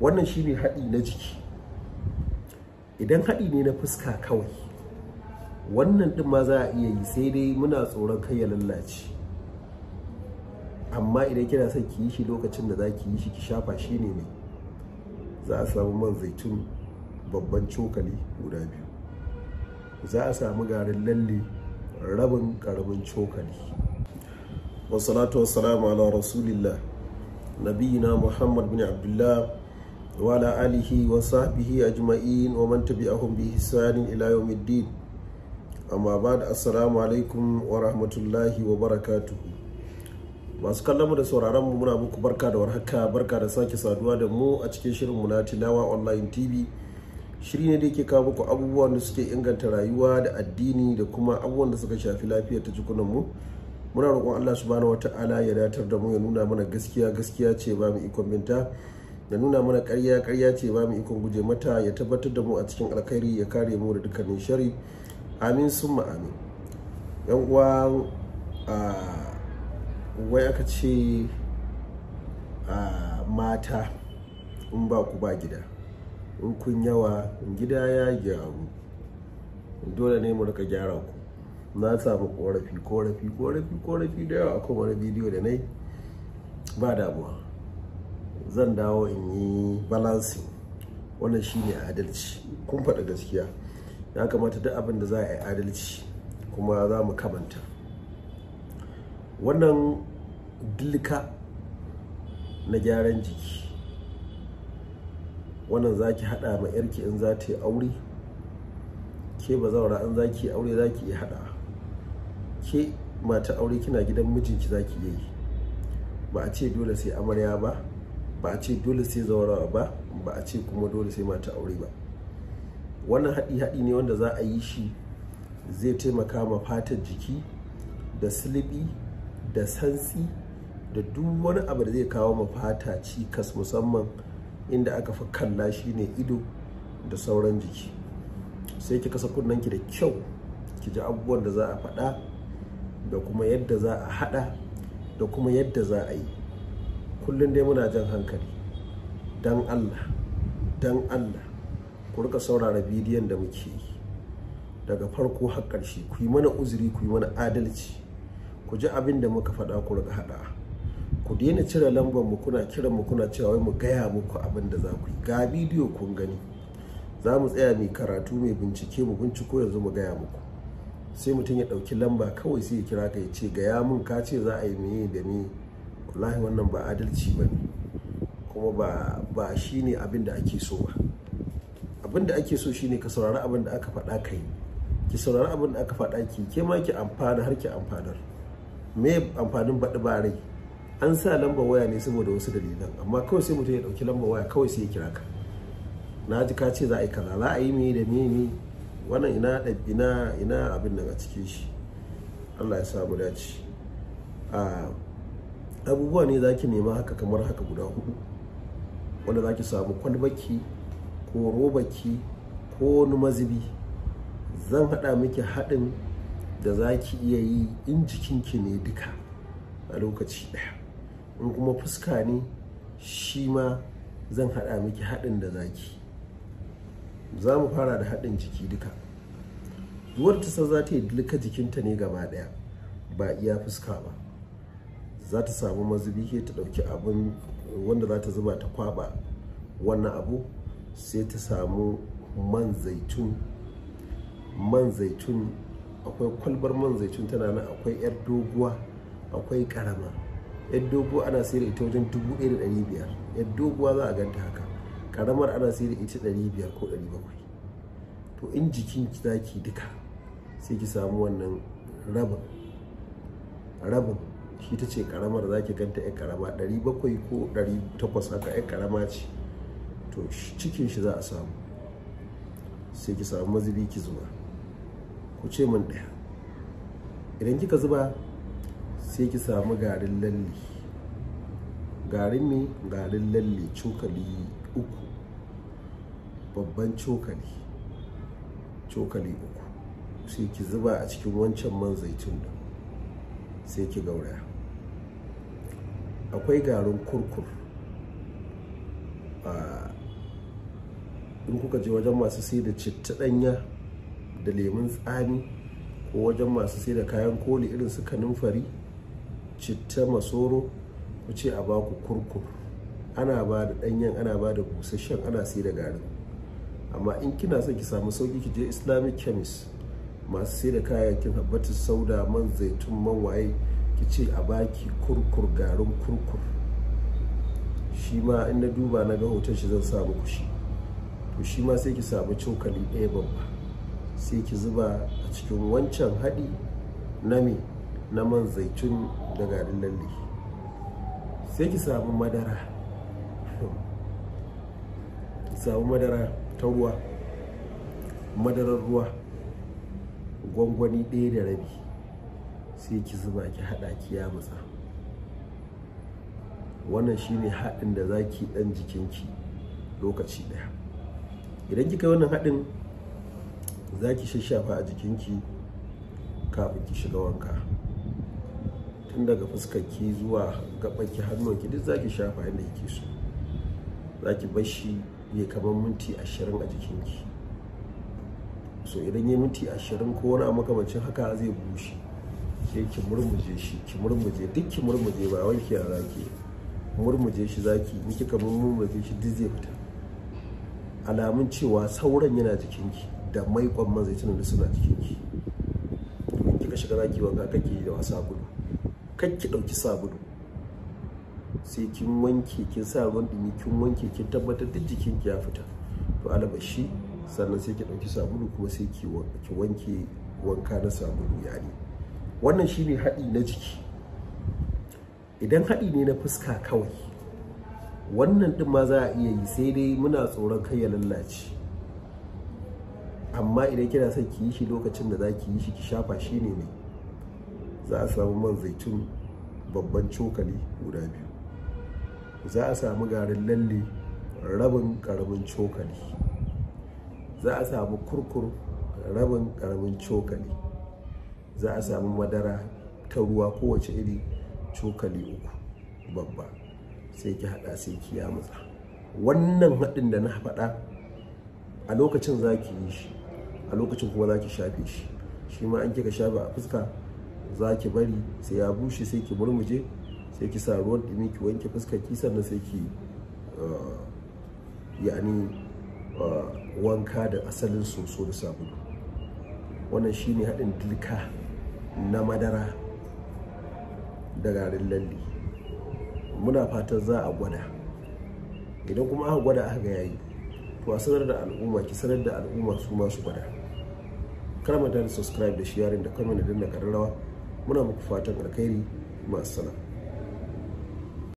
wannan shine haɗi na jiki idan haɗi ne na fuska kawai wannan ɗin ma za a iya yi sai dai muna tsoron kai ya lallace amma idan kina son ki yi shi lokacin da za ki yi shi ki shafa shi ne mai za a samu man zaitun babban cokali guda biyu za a samu garin lalle rabin karamin cokali Wasu wasu salamu ala rasulillah nabiyina muhammad bin abdullah وعلى آله وصحبه أجمعين ومن تبعهم بإحسان إلى يوم الدين amma ba da assalamu alaikum wa rahmatullahi wa barakatu. masu mu da mu muna muku barka da warhaka barka da sake saduwa da mu a cikin shirin mu na tilawa online tv shiri ne da ke kawo muku abubuwan da suke inganta rayuwa da addini da kuma abubuwan da suka shafi lafiyar ta jikunan mu? muna roƙon allah subhanahu wata'ala ya datar da mu ya nuna mana gaskiya gaskiya ce ba mu ikon binta ya nuna mana karya karya ce ba mu ikon guje mata ya tabbatar da mu a cikin alkhairi ya kare mu da dukkanin shari amin sun amin yan uwa wai aka ce a mata in ba ku ba gida in kun yawa gida ya gyaru dole ne mu rika gyara ku na samu korafi korafi korafi korafi da yawa akwai wani bidiyo da nai ba damuwa zan dawo in yi balansi wannan shine adalci kun faɗa gaskiya ya kamata duk abin da za a yi adalci kuma za mu kamanta wannan dilka na gyaran jiki wannan za ki haɗa ma yarki in za ta yi aure ke ba zaura in za ki aure za ki yi haɗa ke mata aure kina gidan mijinki za ki yi ba a ce dole sai amarya ba ba a ce dole sai zaurawa ba ba a ce kuma dole sai mata aure ba wannan haɗi-haɗi ne wanda za a yi shi zai taimaka ma fatar jiki da silibi da santsi da duk wani abu da zai kawo ma fata cikas musamman inda aka fi kalla shi ne ido da sauran jiki sai ki kasa ki da kyau ki ji abubuwan da za a faɗa da kuma yadda za a haɗa da kuma yadda za a yi kullum dai muna jan hankali don allah don allah ku rika saurara bidiyon da muke yi daga farko har ƙarshe ku yi mana uzuri ku yi mana adalci ku ji abin da muka faɗa ku rika haɗa ku daina cire lambar mu kuna kiran mu kuna cewa wai mu gaya muku abin da za ku yi ga bidiyo kun gani za mu tsaya mai karatu mai bincike mu binciko yanzu mu gaya muku sai mutum ya ɗauki lamba kawai sai ya kira ka ya ce gaya mun ka ce za a yi meye da meye wallahi wannan ba adalci ba ne kuma ba ba shi ne abin da ake so ba abin da ake so shine ka saurari abin da aka faɗa kai ki saurari abin da aka faɗa ki ke ma ki amfana har ki amfanar me amfanin baɗi ba rai an sa lamba waya ne saboda wasu dalilan amma kawai sai mutum ya ɗauki lamba waya kawai sai ya kira ka na ji ka ce za a yi kaza za a yi me da me wannan ina ina ina abin nan a cikin shi Allah ya samu dace a ah, abubuwa ne za ki nema haka kamar haka guda hudu wanda za ki samu kwalbaki ko robaki ko wani mazibi zan haɗa miki haɗin da za ki iya yi in jikinki ne duka a lokaci ɗaya in kuma fuska ne shi ma zan haɗa miki haɗin da za ki za mu fara da haɗin jiki duka duwar ta za ta yi duka jikinta ne gaba ɗaya ba iya fuska ba za ta samu mazubi ke ta dauki abin wanda za ta zuba ta kwaba wannan abu sai ta samu man zaitun man zaitun akwai kwalbar man zaitun tana nan akwai yar doguwa akwai karama yar doguwa ana sayar da ita wajen 1500 yar doguwa za a ganta haka karamar ana sayar da ita 500 ko 700 to in jikin zaki duka sai ki samu wannan rabin rabin ita ce karamar za ki ganta ya karama 700 ko 800 haka ya karama ce to cikin shi za a samu sai ki samu mazubi ki zuba ku ce min ɗaya idan kika zuba sai ki samu garin lalle garin ne garin lalle cokali uku babban cokali cokali uku sai ki zuba a cikin wancan man zaitun da. sai ki gauraya akwai garin kurkur in kuka je wajen masu sai da danya da lemun tsami ko wajen masu sai da kayan koli irin su kanumfari citta masoro ku ce a baku kurkur ana ba da ɗanyen ana ba da busasshen ana sai da garin amma in kina son ki samu sauki ki je islamic chemist masu sai da kayayyakin habbatu sauda man zaitun man waye ki ce a baki kurkur garin kurkur shi ma in na duba na ga hoton shi zan sa muku to shi ma sai ki samu cokali ɗaya babba sai ki zuba a cikin wancan haɗi na me na man zaitun da garin lalle sai ki samu madara ki samu madara ta ruwa madarar ruwa gwangwani ɗaya da rabi sai ki zuba ki haɗa ki ya matsa wannan shine haɗin da za ki ɗan jikinki lokaci ɗaya idan kika yi wannan haɗin za ki shashafa a jikinki kafin ki shiga wanka tun daga fuskarki zuwa gaɓarki hannunki duk za ki shafa yadda kike so za ki bar shi ya kamar minti ashirin a jikinki so idan ya minti ashirin ko wani makamancin haka zai bushe ke ki murmuje shi ki murmuje duk ki murmuje ba wanki a ke murmuje shi zaki in kika murmuje shi duk zai fita alamun cewa sauran yana jikinki da maikon man da suna jikinki ki in kika shiga zaki wanka kake da gudu kar ki dauki sabulu sai kin wanke kin sa ruwan dumi kin wanke kin tabbatar duk jikinki ya fita to alabashi sannan sai ki ɗauki sabulu kuma sai ki wanke wanka na sabulu yani wannan shine haɗi na jiki idan haɗi ne na fuska kawai wannan ɗin ma za a iya yi sai dai muna tsoron kai ya lallace amma idan kina son ki yi shi lokacin da za ki yi shi ki shafa shi ne ne za a samu man zaitun babban cokali guda biyu za a samu garin lalle rabin karamin cokali za a samu kurkur rabin karamin cokali za a samu madara ta ruwa kowace iri cokali uku babba sai ki hada sai ki yamutsa wannan haɗin da na faɗa a lokacin za ki yi shi a lokacin kuma za ki shafe shi shi ma an kika shafa a fuska za ki bari sai ya bushe sai ki murmuje sai ki sa ruwan ɗumi ki wanke fuskar ki sannan sai ki eh, yani Uh, wanka da asalin soso da sabulu wannan shine haɗin dilka na madara da garin lalle muna fatan za a gwada idan kuma aka gwada aka yayi to a sanar da al'umma ki sanar da al'umma su ma su gwada kar mu da subscribe da sharing da comment da danna muna muku fatan alkhairi masu